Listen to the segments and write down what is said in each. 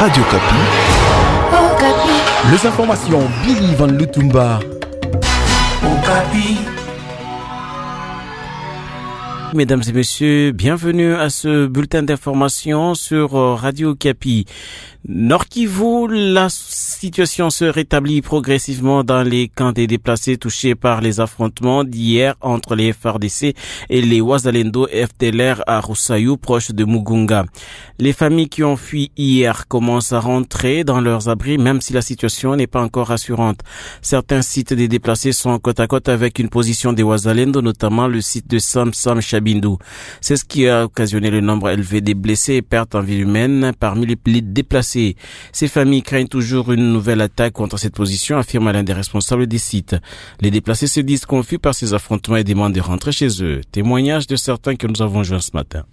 Radio oh, Kapi. Les informations Billy Van Lutumba. Oh, Mesdames et messieurs, bienvenue à ce bulletin d'information sur euh, Radio Capi. Nord Kivu, la situation se rétablit progressivement dans les camps des déplacés touchés par les affrontements d'hier entre les FRDC et les Wazalendo FTLR à Roussayou, proche de Mugunga. Les familles qui ont fui hier commencent à rentrer dans leurs abris, même si la situation n'est pas encore rassurante. Certains sites des déplacés sont côte à côte avec une position des Wazalendo, notamment le site de Sam Sam C'est ce qui a occasionné le nombre élevé des blessés et pertes en vie humaine parmi les déplacés ces familles craignent toujours une nouvelle attaque contre cette position, affirme l'un des responsables des sites. Les déplacés se disent confus par ces affrontements et demandent de rentrer chez eux. Témoignage de certains que nous avons joints ce matin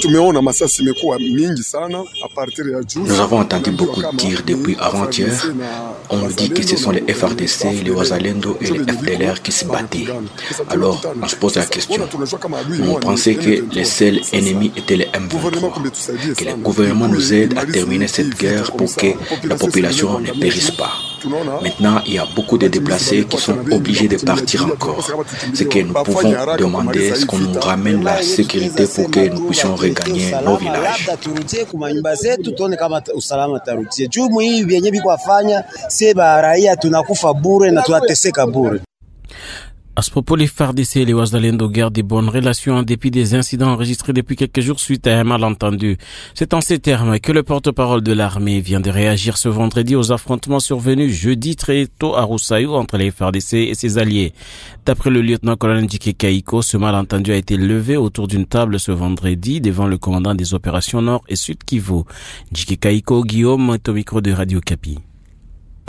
tumeona masasi imekuwa mingi partir Nous avons entendu beaucoup de tirs depuis avant-hier. On nous dit que ce sont les FRDC, les Wazalendo et les FDLR qui se battaient. Alors, on se pose la question. On pensait que les seuls ennemis étaient les M23. Que le gouvernement nous aide à terminer cette guerre pour que la population ne périsse pas. Hein. Maintenant, il y a beaucoup de déplacés qui sont obligés de partir encore. Ce que nous pouvons demander, c'est qu'on nous hein. ramène la sécurité pour que nous puissions regagner nos villages. À ce propos, les FARDC et les Ouazalendo gardent des bonnes relations en dépit des incidents enregistrés depuis quelques jours suite à un malentendu. C'est en ces termes que le porte-parole de l'armée vient de réagir ce vendredi aux affrontements survenus jeudi très tôt à Roussaïou entre les FARDC et ses alliés. D'après le lieutenant-colonel Dike Kaiko, ce malentendu a été levé autour d'une table ce vendredi devant le commandant des opérations Nord et Sud Kivu. Dike Kaiko, Guillaume, micro de Radio Capi.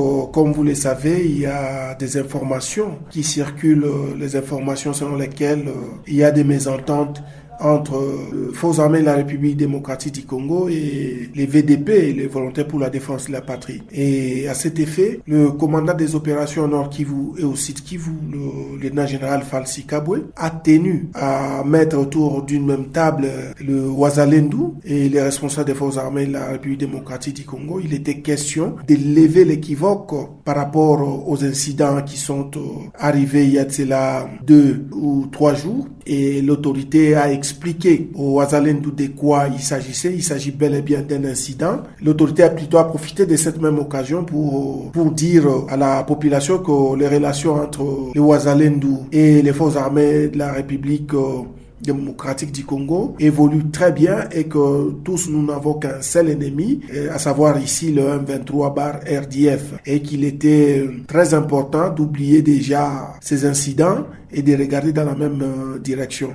Euh, comme vous le savez, il y a des informations qui circulent, euh, les informations selon lesquelles euh, il y a des mésententes entre les euh, Forces armées de la République démocratique du Congo et les VDP, les volontaires pour la défense de la patrie. Et à cet effet, le commandant des opérations au Nord Kivu et au site Kivu, le lieutenant général Falsi Kabwe, a tenu à mettre autour d'une même table le Ouazalendou et les responsables des forces armées de la République démocratique du Congo. Il était question de lever l'équivoque par rapport aux incidents qui sont euh, arrivés il y a deux ou trois jours et l'autorité a expliquer au Azalendou de quoi il s'agissait. Il s'agit bel et bien d'un incident. L'autorité a plutôt profité de cette même occasion pour, pour dire à la population que les relations entre le Wazalendu et les forces armées de la République euh, démocratique du Congo évoluent très bien et que tous nous n'avons qu'un seul ennemi, euh, à savoir ici le M23 RDF, et qu'il était euh, très important d'oublier déjà ces incidents et de regarder dans la même direction.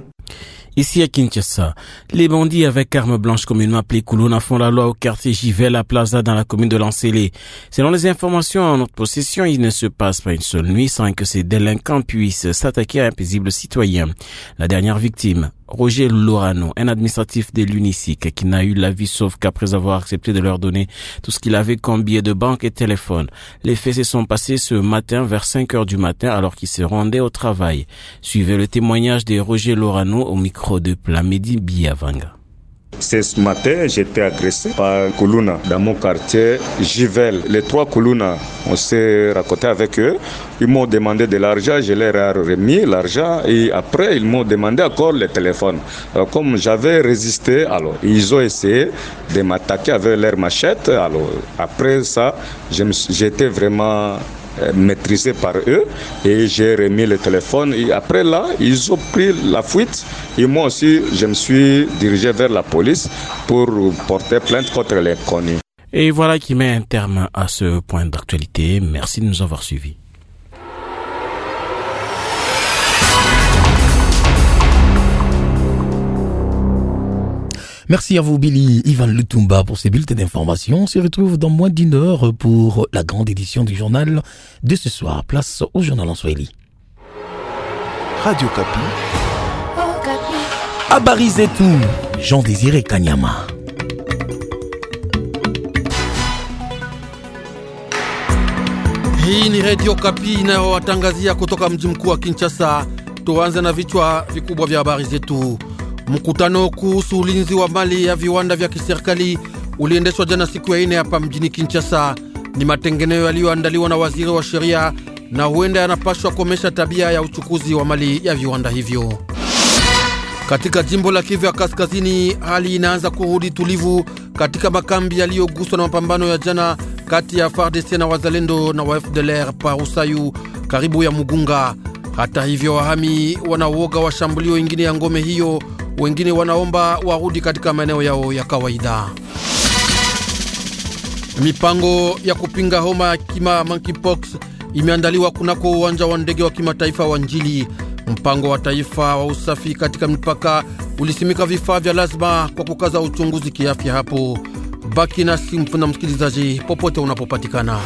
Ici à Kinshasa, les bandits avec armes blanches communément appelées Koulouna font la loi au quartier Givel à Plaza dans la commune de Lancélé. Selon les informations en notre possession, il ne se passe pas une seule nuit sans que ces délinquants puissent s'attaquer à un paisible citoyen. La dernière victime Roger Lorano, un administratif de l'UNICIC qui n'a eu la vie sauf qu'après avoir accepté de leur donner tout ce qu'il avait comme billets de banque et téléphone. Les faits se sont passés ce matin vers 5 heures du matin alors qu'il se rendait au travail. Suivez le témoignage de Roger Lorano au micro de Plamedi Biavanga. Ce matin, j'ai été agressé par Kuluna dans mon quartier Jivelle, Les trois Kuluna, on s'est raconté avec eux. Ils m'ont demandé de l'argent, je leur ai remis l'argent et après, ils m'ont demandé encore le téléphone. comme j'avais résisté, alors ils ont essayé de m'attaquer avec leur machette. Alors, après ça, j'étais vraiment euh, maîtrisé par eux et j'ai remis le téléphone et après là ils ont pris la fuite et moi aussi je me suis dirigé vers la police pour porter plainte contre les connus. Et voilà qui met un terme à ce point d'actualité. Merci de nous avoir suivis. Merci à vous, Billy, Ivan Lutumba, pour ces billets d'information. On se retrouve dans moins d'une heure pour la grande édition du journal de ce soir. Place au journal en Swahili. Radio Kapi. Oh, Kapi. Abarizé tout, Jean-Désiré Kanyama. Hii ni Radio Kapi inayowatangazia kutoka mji mkuu wa Kinshasa. Tuanze na vichwa vikubwa vya habari zetu. Mkutano kuhusu ulinzi wa mali ya viwanda vya kiserikali uliendeshwa jana siku ya ine hapa mjini Kinshasa. Ni matengeneo yaliyoandaliwa na waziri wa sheria na huenda yanapashwa komesha tabia ya uchukuzi wa mali ya viwanda hivyo. Katika jimbo la Kivu ya Kaskazini, hali inaanza kurudi tulivu katika makambi yaliyoguswa na mapambano ya jana kati ya FARDC na wazalendo na wa FDLR pa karibu ya Mugunga. Hata hivyo, wahami wanauoga wa shambulio ingine ya ngome hiyo wengine wanaomba warudi katika maeneo yao ya kawaida. Mipango ya kupinga homa ya kima monkeypox imeandaliwa kunako uwanja wa ndege wa kimataifa wa Njili. Mpango wa taifa wa usafi katika mipaka ulisimika vifaa vya lazima kwa kukaza uchunguzi kiafya hapo. Baki nasi mpenda msikilizaji, popote unapopatikana.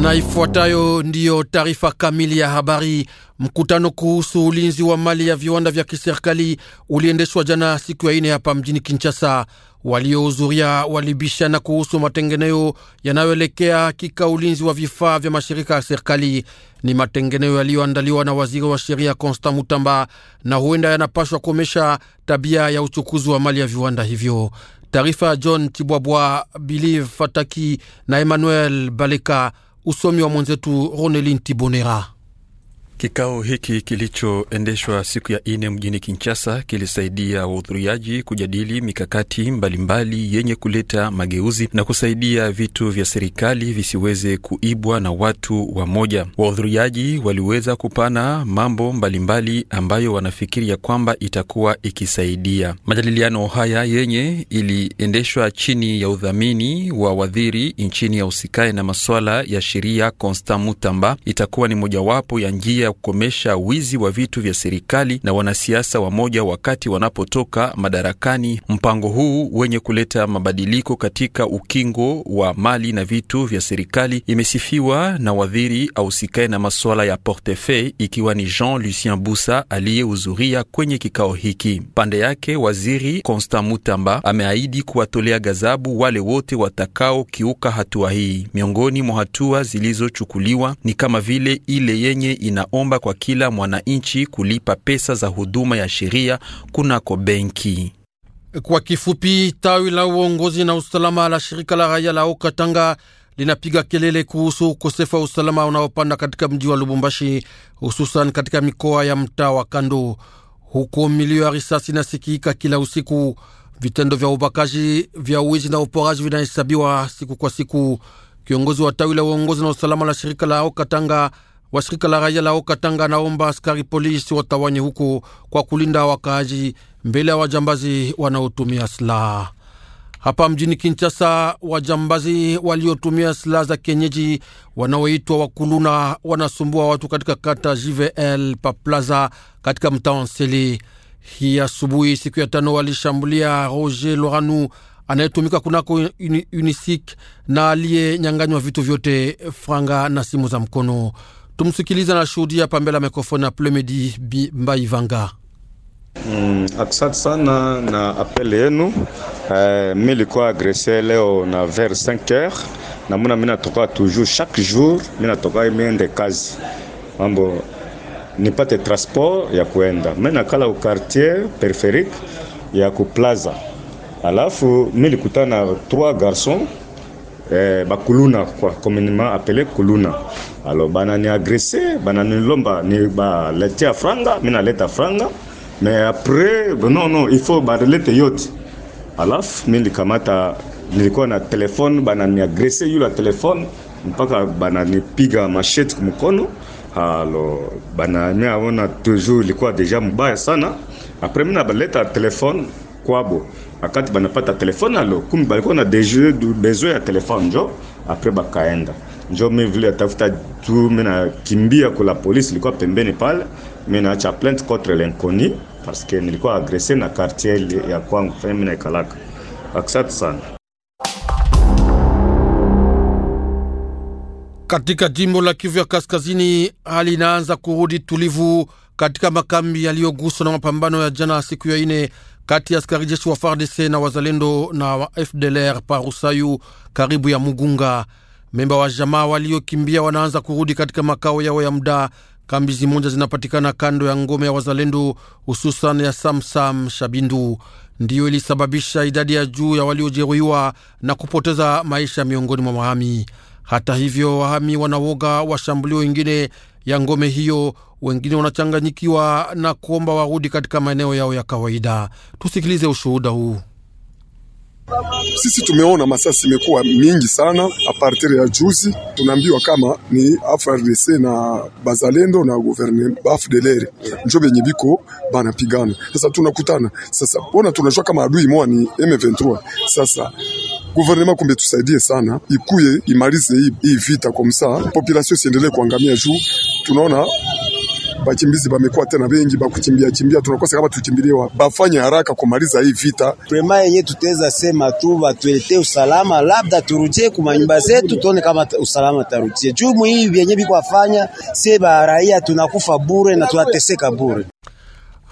Na ifuatayo ndiyo taarifa kamili ya habari. Mkutano kuhusu ulinzi wa mali ya viwanda vya kiserikali uliendeshwa jana siku ya ine hapa mjini Kinshasa. Waliohudhuria walibishana kuhusu matengeneo yanayoelekea hakika ulinzi wa vifaa vya mashirika ya serikali. Ni matengeneo yaliyoandaliwa na waziri wa sheria Constant Mutamba na huenda yanapashwa kuomesha tabia ya uchukuzi wa mali ya viwanda hivyo. Taarifa ya John Tibwabwa, Bilive Fataki na Emmanuel Baleka. Usomi wa mwenzetu Ronelin Tibonera. Kikao hiki kilichoendeshwa siku ya nne mjini Kinshasa kilisaidia wahudhuriaji kujadili mikakati mbalimbali mbali yenye kuleta mageuzi na kusaidia vitu vya serikali visiweze kuibwa na watu wamoja. Wahudhuriaji waliweza kupana mambo mbalimbali mbali ambayo wanafikiria kwamba itakuwa ikisaidia. Majadiliano haya yenye iliendeshwa chini ya udhamini wa wadhiri nchini ya usikae na masuala ya sheria Constant Mutamba itakuwa ni mojawapo ya njia kukomesha wizi wa vitu vya serikali na wanasiasa wamoja wakati wanapotoka madarakani. Mpango huu wenye kuleta mabadiliko katika ukingo wa mali na vitu vya serikali imesifiwa na wadhiri ausikae na masuala ya portefeuille, ikiwa ni Jean Lucien Busa aliyehudhuria kwenye kikao hiki. Pande yake waziri Constant Mutamba ameahidi kuwatolea gazabu wale wote watakaokiuka hatua hii. Miongoni mwa hatua zilizochukuliwa ni kama vile ile yenye ina inaomba kwa kila mwananchi kulipa pesa za huduma ya sheria kunako benki. Kwa kifupi, tawi la uongozi na usalama la shirika la raia la Okatanga linapiga kelele kuhusu ukosefu wa usalama unaopanda katika mji wa Lubumbashi, hususan katika mikoa ya mtaa wa kando. Huko milio ya risasi inasikika kila usiku. Vitendo vya ubakaji, vya uwizi na uporaji vinahesabiwa siku kwa siku. Kiongozi wa tawi la uongozi na usalama la shirika la Okatanga wa shirika la raia la Okatanga naomba askari polisi watawanye huko kwa kulinda wakaaji mbele ya wajambazi wanaotumia silaha. Hapa mjini Kinshasa, wajambazi waliotumia silaha za kienyeji wanaoitwa wakuluna wanasumbua watu katika kata JVL Paplaza katika mtaa wa Nseli. Hii asubuhi siku ya tano walishambulia Roger Loranu anayetumika kunako UNISIK na aliyenyanganywa vitu vyote, franga na simu za mkono. Tumsikiliza na shuhudia hapa mbele ya mikrofoni ya Plemedi Mbaivanga. Mm, asante sana na apel yenu. Uh, eh, mi likuwa agrese leo na vers 5 heure namuna natoka toujours chaque jour minatoka miende kazi mambo nipate transport ya kuenda mi nakala ku quartier peripherique ya kuplaza, alafu mi likutana na trois garçons eh, bakuluna kwa communément appelé kuluna alors banani agressé bananilomba ni baletea franga mi naleta franga mais après non non il faut balete yote alafu mi nilikamata nilikuwa na telefone bananiagrese yula telefone mpaka bananipiga masheti kumkono alo banamiaona toujours ilikuwa deja mubaya sana apres mi nabaleta telefone kwabo akati banapata telefone alo kumi balikuwa na deje bezo ya telefone njo apre bakaenda njo mi vile atafuta tu mi nakimbia kula polisi likuwa pembeni pale mi naacha plainte contre l'inconnu parce que nilikuwa agresse na quartier ya kwangu fanya mi naikalaka asante sana Katika jimbo la Kivu ya Kaskazini, hali inaanza kurudi tulivu katika makambi yaliyoguswa na mapambano ya jana siku ya ine kati ya askari jeshi wa FARDC na wazalendo na wa FDLR rusayu karibu ya Mugunga. Memba wa jamaa waliokimbia wanaanza kurudi katika makao yao ya muda. Kambi zimoja zinapatikana kando ya ngome ya wazalendo, hususan ya Samsam Shabindu, ndiyo ilisababisha idadi ya juu ya waliojeruhiwa na kupoteza maisha miongoni mwa wahami. Hata hivyo, wahami wanawoga washambulio wengine ya ngome hiyo, wengine wanachanganyikiwa na kuomba warudi katika maeneo yao ya kawaida. Tusikilize ushuhuda huu. Sisi tumeona masasi imekuwa mingi sana apartir ya juzi, tunaambiwa kama ni FRDC na bazalendo na guverne bafudelere njo venye biko banapigana sasa. Tunakutana sasa, mbona tunajua kama adui moa ni M23 sasa Guvernema kumbe tusaidie sana, ikuye imalize hii, vita kwa msaa, population siendelee kuangamia juu tunaona bakimbizi bamekuwa tena bengi bakukimbia kimbia, tunakosa kama tukimbiliwa. Bafanye haraka kumaliza hii vita prema yenye tuteza sema tu batuletee usalama, labda turudie kumanyumba zetu, tuone kama usalama tarudie juu. hii vyenye biko afanya baraia tunakufa bure na tunateseka bure.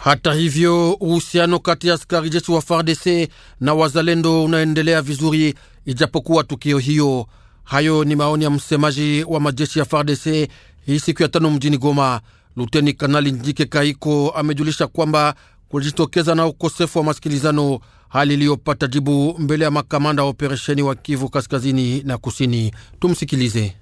Hata hivyo uhusiano kati ya askari jeshi wa FARDC na wazalendo unaendelea vizuri, ijapokuwa tukio hiyo. Hayo ni maoni ya msemaji wa majeshi ya FARDC hii siku ya tano mjini Goma. Luteni Kanali Njike Kaiko amejulisha kwamba kulijitokeza na ukosefu wa masikilizano, hali iliyopata jibu mbele ya makamanda wa operesheni wa Kivu kaskazini na kusini. Tumsikilize.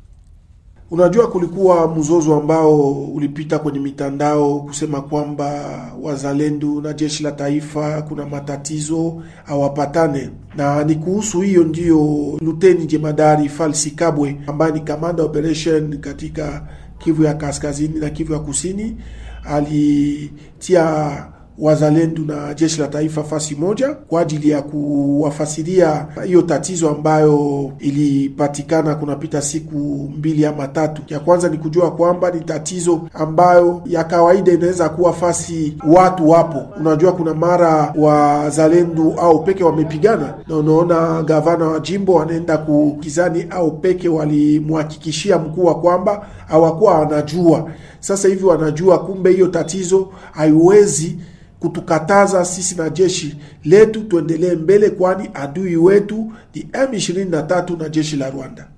Unajua, kulikuwa mzozo ambao ulipita kwenye mitandao kusema kwamba wazalendo na jeshi la taifa kuna matatizo hawapatane, na ni kuhusu hiyo ndiyo Luteni Jemadari Falsi Kabwe ambaye ni kamanda operation katika Kivu ya kaskazini na Kivu ya kusini alitia wazalendo na jeshi la taifa fasi moja kwa ajili ya kuwafasiria hiyo tatizo ambayo ilipatikana kunapita siku mbili ama tatu. Ya kwanza ni kujua kwamba ni tatizo ambayo ya kawaida inaweza kuwa fasi watu wapo. Unajua, kuna mara wazalendo au peke wamepigana, na unaona gavana wa jimbo anaenda kukizani au peke walimhakikishia mkuu wa kwamba hawakuwa wanajua. Sasa hivi wanajua, kumbe hiyo tatizo haiwezi kutukataza sisi na jeshi letu tuendelee mbele, kwani adui wetu ni M23 na jeshi la Rwanda.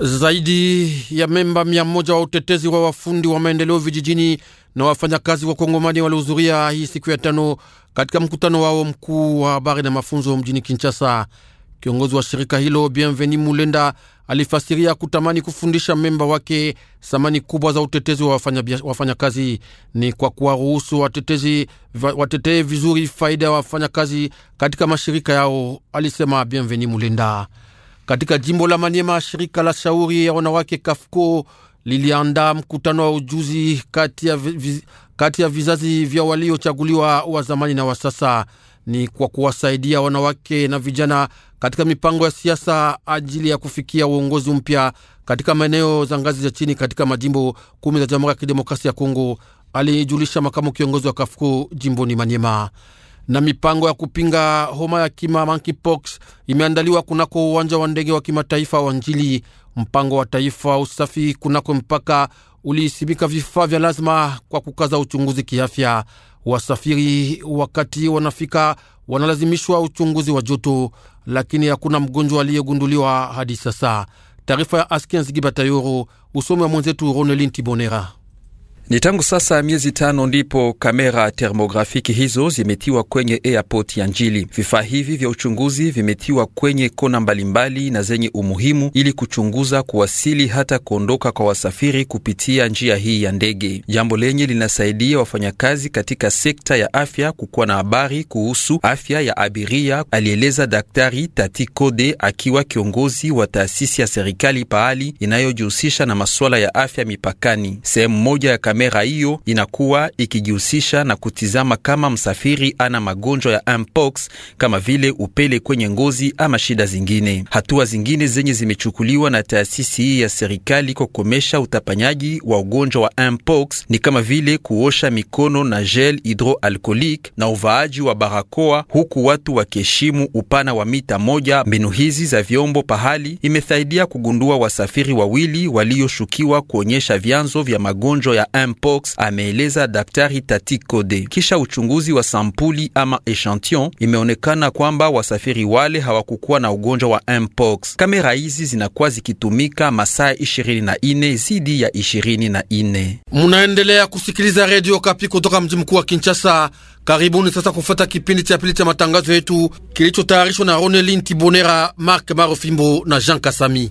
Zaidi ya memba mia moja wa utetezi wa wafundi wa maendeleo vijijini na wafanyakazi wa Kongomani walihudhuria hii siku ya tano katika mkutano wao mkuu wa habari na mafunzo mjini Kinshasa. Kiongozi wa shirika hilo Bienveni Mulenda alifasiria kutamani kufundisha memba wake thamani kubwa za utetezi wa wafanyakazi wafanya ni kwa kuwaruhusu watetezi watetee vizuri faida ya wafanyakazi katika mashirika yao, alisema Bienveni Mulenda. Katika jimbo la Maniema, shirika la shauri ya wanawake Kafko liliandaa mkutano wa ujuzi kati ya, kati ya vizazi vya waliochaguliwa wa zamani na wa sasa ni kwa kuwasaidia wanawake na vijana katika mipango ya siasa ajili ya kufikia uongozi mpya katika maeneo za ngazi za chini katika majimbo kumi za Jamhuri ya Kidemokrasia ya Kongo, alijulisha makamu kiongozi wa Kafuku jimboni Manyema. Na mipango ya kupinga homa ya kima monkeypox imeandaliwa kunako uwanja wa ndege wa kimataifa wa Njili. Mpango wa taifa usafi kunako mpaka ulisimika vifaa vya lazima kwa kukaza uchunguzi kiafya. Wasafiri wakati wanafika wanalazimishwa uchunguzi wa joto, lakini hakuna mgonjwa aliyegunduliwa hadi sasa. Taarifa ya Askiens Gibatayoro, usomi wa mwenzetu Ronelin Tibonera. Ni tangu sasa miezi tano ndipo kamera termografiki hizo zimetiwa kwenye airport ya Njili. Vifaa hivi vya uchunguzi vimetiwa kwenye kona mbalimbali na zenye umuhimu ili kuchunguza kuwasili hata kuondoka kwa wasafiri kupitia njia hii ya ndege, jambo lenye linasaidia wafanyakazi katika sekta ya afya kukuwa na habari kuhusu afya ya abiria, alieleza Daktari Tati Kode akiwa kiongozi wa taasisi ya serikali pahali inayojihusisha na masuala ya afya mipakani. Sehemu moja ya kamera hiyo inakuwa ikijihusisha na kutizama kama msafiri ana magonjwa ya mpox kama vile upele kwenye ngozi ama shida zingine. Hatua zingine zenye zimechukuliwa na taasisi hii ya serikali kukomesha utapanyaji wa ugonjwa wa mpox ni kama vile kuosha mikono na gel hidroalkolik na uvaaji wa barakoa, huku watu wakiheshimu upana wa mita moja. Mbinu hizi za vyombo pahali imesaidia kugundua wasafiri wawili walioshukiwa kuonyesha vyanzo vya magonjwa ya mpox, ameeleza Daktari Tati Kode. Kisha uchunguzi wa sampuli ama echantion, imeonekana kwamba wasafiri wale hawakukuwa na ugonjwa wa mpox. Kamera hizi zinakuwa zikitumika masaa 24 zidi ya 24. Munaendelea kusikiliza Radio Kapi kutoka mji mkuu wa Kinshasa. Karibuni sasa kufata kipindi cha pili cha matangazo yetu kilichotayarishwa na Ronelin Tibonera, Mark Marofimbo na Jean Kasami.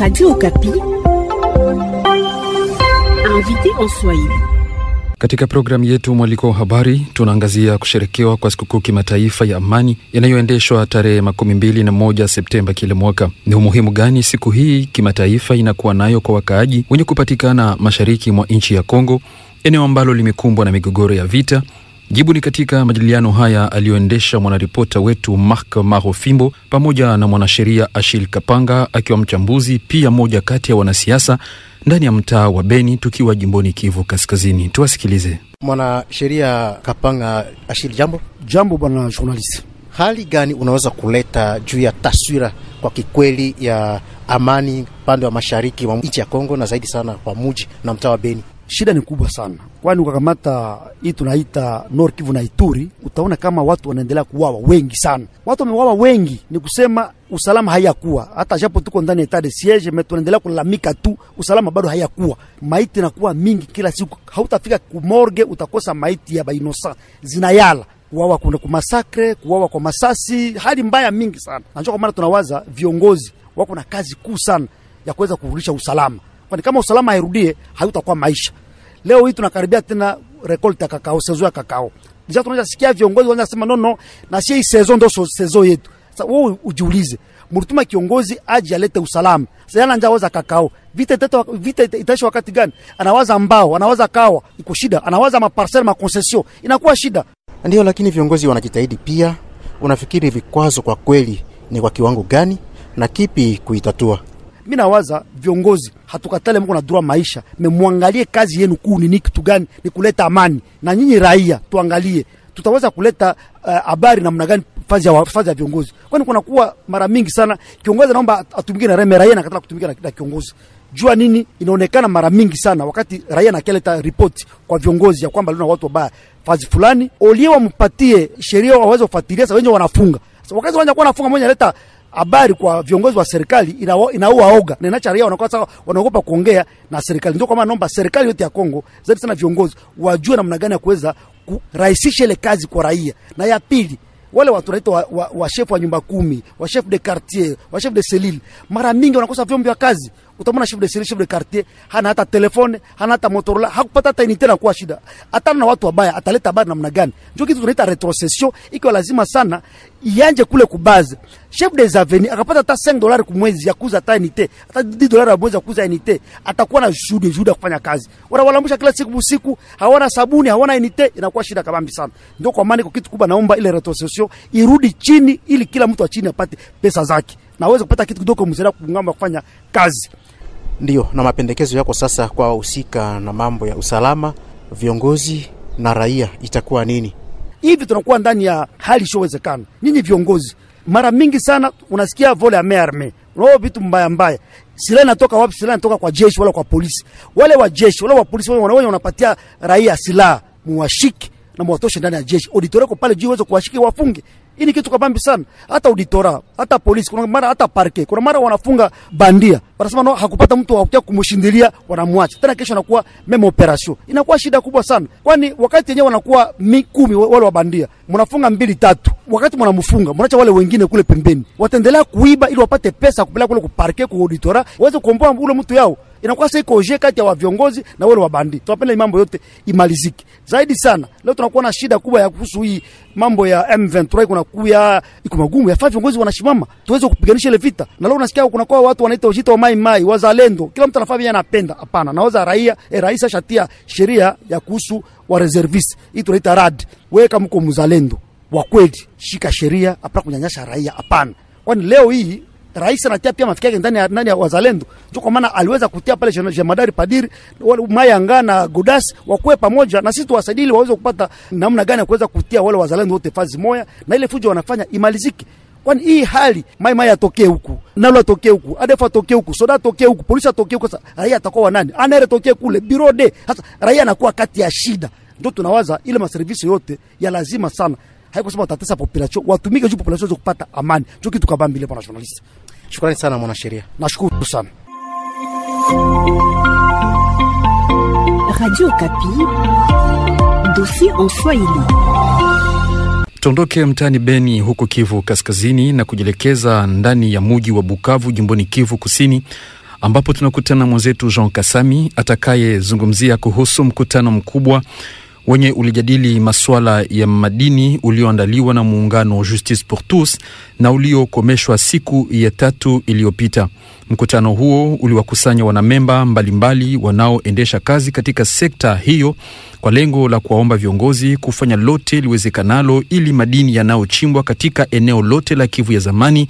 Radio Kapi invité en Swahili. Katika programu yetu mwaliko wa habari tunaangazia kusherekewa kwa sikukuu kimataifa ya amani inayoendeshwa tarehe makumi mbili na moja Septemba kila mwaka. Ni umuhimu gani siku hii kimataifa inakuwa nayo kwa wakaaji wenye kupatikana mashariki mwa nchi ya Kongo, eneo ambalo limekumbwa na migogoro ya vita? Jibu ni katika majadiliano haya aliyoendesha mwanaripota wetu Mark Marofimbo pamoja na mwanasheria Ashil Kapanga akiwa mchambuzi pia moja kati ya wanasiasa ndani ya mtaa wa Beni, tukiwa jimboni Kivu Kaskazini. Tuwasikilize. Mwanasheria Kapanga Ashili, jambo. Jambo bwana journalist, hali gani unaweza kuleta juu ya taswira kwa kikweli ya amani upande wa mashariki wa nchi ya Kongo na zaidi sana kwa muji na mtaa wa Beni? Shida ni kubwa sana kwani ukakamata hii tunaita Nord Kivu na Ituri, utaona kama watu wanaendelea kuwawa wengi sana. Watu wamewawa wengi, ni kusema usalama haiyakuwa hata japo tuko ndani ya tade siege me tunaendelea kulalamika tu, usalama bado haiyakuwa. Maiti nakuwa mingi kila siku, hautafika kumorge, utakosa maiti ya bainosa zinayala kuwawa kuna kumasakre, kuwawa kwa masasi, hali mbaya mingi sana. Na kwa maana tunawaza viongozi wako na kazi kuu sana ya kuweza kurudisha usalama, kwani kama usalama hairudie, hayutakuwa maisha Leo hii tunakaribia tena rekolte ya kakao, sezo ya kakao. Ndio tunaanza sikia viongozi wanasema no no, na si sezo ndo so, sezo yetu. Sasa wewe ujiulize, mlituma kiongozi aje alete usalama. Sasa yana njaa waza kakao. Vita itatoa vita itaisha wakati gani? Anawaza mbao, anawaza kawa, iko shida. Anawaza maparcel ma concession, inakuwa shida. Ndio, lakini viongozi wanajitahidi pia. Unafikiri vikwazo kwa kweli ni kwa kiwango gani na kipi kuitatua? mimi nawaza viongozi, hatukatale mko na dura maisha, memwangalie kazi yenu kuu ni kitu gani? Ni kuleta amani, na nyinyi raia tuangalie tutaweza kuleta eh, habari uh, namna gani fazi ya fazi ya viongozi, kwani kuna kuwa mara mingi sana kiongozi anaomba atumike na raia, raia anakataa kutumika na, na kiongozi jua nini inaonekana mara mingi sana wakati raia nakeleta ripoti kwa viongozi ya kwamba lina watu wabaya fazi fulani, olie wampatie sheria waweze kufuatilia. Sasa wenyewe wanafunga sasa, wakati wanakuwa nafunga mmoja analeta habari kwa viongozi wa serikali inaua oga na inacha raia wanakuwa wanaogopa kuongea na serikali. Ndio kwa maana naomba serikali yote ya Kongo, zaidi sana viongozi wajue namna gani ya kuweza kurahisisha ile kazi kwa raia. Na ya pili, wale watu wanaitwa wa, wa, wa chef wa nyumba kumi, wa chef de quartier, wa chef de selile, mara mingi wanakosa vyombo vya kazi utamona chef de service, chef de quartier hana hata telefone, hana hata Motorola, hakupata hata inite na kuwa shida. Atana na watu wabaya, ataleta habari namna gani? Ndio kitu tunaita retrocession, ikiwa lazima sana ianje kule kubaze. Chef des avenues akapata hata 5 dollars kwa mwezi ya kuuza hata inite, hata 10 dollars ya mwezi ya kuuza inite, atakuwa na juhudi juhudi kufanya kazi. Wanawalamusha kila siku usiku, hawana sabuni, hawana inite, inakuwa shida kabambi sana. Ndio kwa maana kwa kitu kubwa, naomba ile retrocession irudi chini, ili kila mtu wa chini apate pesa zake naweza kupata kitu kidogo msaada kungamba kufanya kazi. Ndio, na mapendekezo yako sasa kwa wahusika na mambo ya usalama, viongozi na raia itakuwa nini? Hivi tunakuwa ndani ya hali isiyowezekana. Nyinyi viongozi, mara mingi sana unasikia vole ame arme roho vitu mbaya mbaya. Silaha inatoka wapi? Silaha inatoka kwa jeshi wala kwa polisi. Wale wa jeshi wala wa polisi wao wanaonya, wanapatia raia silaha, muwashike na muwatoshe ndani ya jeshi. Auditoreko pale juu uweze kuwashike wafunge ini ni kitu kabambi sana. Hata auditora, hata polisi, kuna mara hata parke, kuna mara wanafunga bandia, wanasema no, hakupata mtu wa kutia kumshindilia, wanamwacha tena. Kesho anakuwa meme operation, inakuwa shida kubwa sana, kwani wakati yenyewe wanakuwa mikumi wale wa bandia, mnafunga mbili tatu, wakati mnamfunga mnaacha wale wengine kule pembeni, wataendelea kuiba ili wapate pesa kupeleka kule kuparke, kwa auditora waweze kuomboa ule mtu yao inakuwa sasa iko je kati ya viongozi na wale wabandi. Tunapenda mambo yote imalizike zaidi sana. Leo tunakuwa na shida kubwa ya kuhusu hii mambo ya M23 kuna kuya iko magumu yafaa viongozi wanashimama tuweze kupiganisha ile vita. Na leo unasikia kuna kwa watu wanaita ujito wa mai mai wazalendo, kila mtu anafanya anapenda. Hapana, nawaza raia e, rais ashatia sheria ya kuhusu wa reservist, hii tunaita rad. Wewe kama mko mzalendo wa kweli, shika sheria, hapana kunyanyasha raia, hapana. Kwani leo hii rais anatia pia mafikio yake ndani ya ndani ya wazalendo, ndio kwa maana aliweza kutia pale jemadari Padiri wale Mayanga na Gudas wakuwe pamoja na sisi tuwasaidili, waweze kupata namna gani ya kuweza kutia wale wazalendo wote fazi moja, na ile fujo wanafanya imalizike. Kwani hii hali mai mai atokee huku, na lo atokee huku, adefa atokee huku, soda atokee huku, polisi atokee huku, sasa raia atakuwa wa nani? Anere tokee kule birode, sasa raia anakuwa kati ya shida. Ndio tunawaza ile maservisi yote ya lazima sana, haikusema watatesa population, watumike juu population kupata amani, chuki tukabambile kabambi bwana journalist. Shukrani sana mwanasheria, nashukuru sana Radio Kapi, dosie en Swahili. Tuondoke mtaani Beni huko Kivu Kaskazini na kujielekeza ndani ya muji wa Bukavu jimboni Kivu Kusini, ambapo tunakutana mwenzetu Jean Kasami atakayezungumzia kuhusu mkutano mkubwa wenye ulijadili masuala ya madini ulioandaliwa na muungano Justice pour tous na uliokomeshwa siku ya tatu iliyopita. Mkutano huo uliwakusanya wanamemba mbalimbali wanaoendesha kazi katika sekta hiyo kwa lengo la kuwaomba viongozi kufanya lote liwezekanalo ili madini yanayochimbwa katika eneo lote la Kivu ya zamani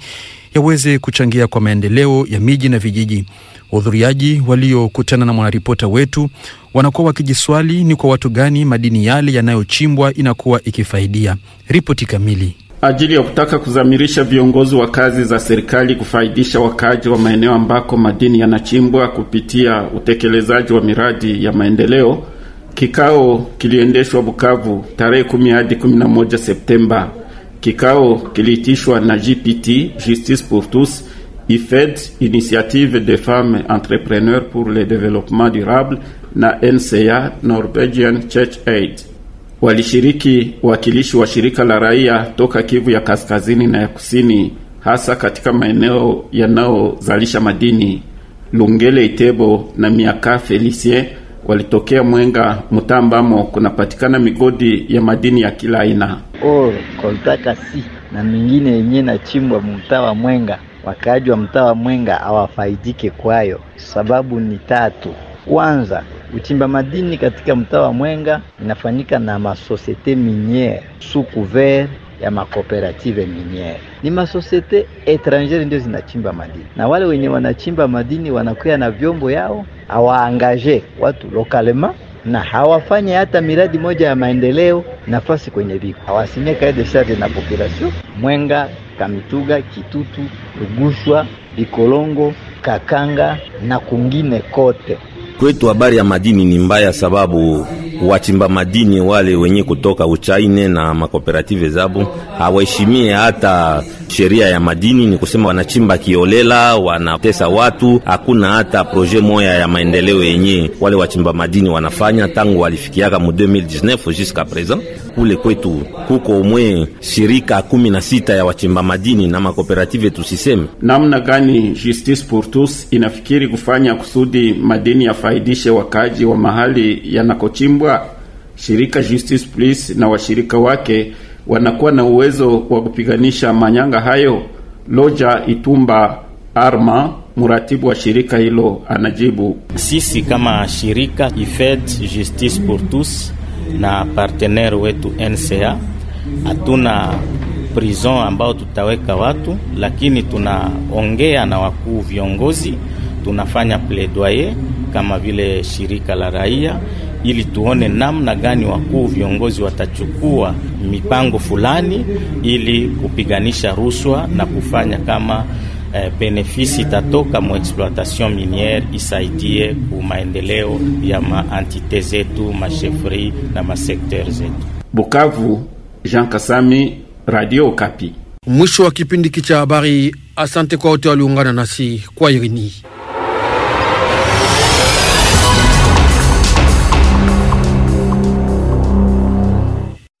yaweze kuchangia kwa maendeleo ya miji na vijiji. Wahudhuriaji waliokutana na mwanaripota wetu wanakuwa wakijiswali ni kwa watu gani madini yale yanayochimbwa inakuwa ikifaidia. Ripoti kamili ajili ya kutaka kuzamirisha viongozi wa kazi za serikali kufaidisha wakaaji wa maeneo ambako madini yanachimbwa kupitia utekelezaji wa miradi ya maendeleo. Kikao kiliendeshwa Bukavu tarehe 10 hadi 11 Septemba. Kikao kiliitishwa na GPT Justice pour tous, IFED Initiative des femmes entrepreneurs pour le développement durable na NCA Norwegian Church Aid. Walishiriki wakilishi wa shirika la raia toka Kivu ya kaskazini na ya kusini, hasa katika maeneo yanayozalisha madini. Lungele Itebo na Miaka Felicien walitokea Mwenga, mutambamo kunapatikana migodi ya madini ya kila aina oro koltaka si na mingine yenyewe nachimbwa mtaa wa Mwenga. Wakaaji wa mtaa wa Mwenga hawafaidike kwayo, sababu ni tatu. Kwanza, Uchimba madini katika mtaa wa Mwenga inafanyika na masosiete miniere sukuvert ya makooperative miniere. Ni masosiete etrangere ndio zinachimba madini, na wale wenye wanachimba madini wanakuya na vyombo yao, hawaangaje watu lokalema na hawafanye hata miradi moja ya maendeleo nafasi kwenye viko hawasimia kaede sharge na population Mwenga, Kamituga, Kitutu, Rugushwa, Bikolongo, Kakanga na kungine kote. Kwetu habari ya madini ni mbaya, sababu wachimba madini wale wenye kutoka uchaine na makooperative zabu hawaheshimie hata sheria ya madini ni kusema wanachimba kiolela, wanatesa watu. Hakuna hata proje moya ya maendeleo yenye wale wachimba madini wanafanya tangu walifikiaka mu 2019 jusqu'à present. Kule kwetu kuko umwe shirika kumi na sita ya wachimba madini na makooperative. Tusiseme namna gani Justice pour tous inafikiri kufanya kusudi madini yafaidishe wakaji wa mahali yanakochimbwa. Shirika Justice plus na washirika wake wanakuwa na uwezo wa kupiganisha manyanga hayo? Loja Itumba Arma muratibu wa shirika hilo anajibu: sisi kama shirika IFED Justice pour tous na partenaire wetu NCA hatuna prison ambao tutaweka watu, lakini tunaongea na wakuu viongozi, tunafanya plaidoyer kama vile shirika la raia ili tuone namna gani wakuu viongozi watachukua mipango fulani ili kupiganisha rushwa na kufanya kama eh, benefisi itatoka mu exploitation miniere isaidie ku maendeleo ya maantite zetu mashefri na masekter zetu. Bukavu, Jean Kasami, Radio Kapi. Mwisho wa kipindi kicha cha habari. Asante kwa wote waliungana nasi kwa irini.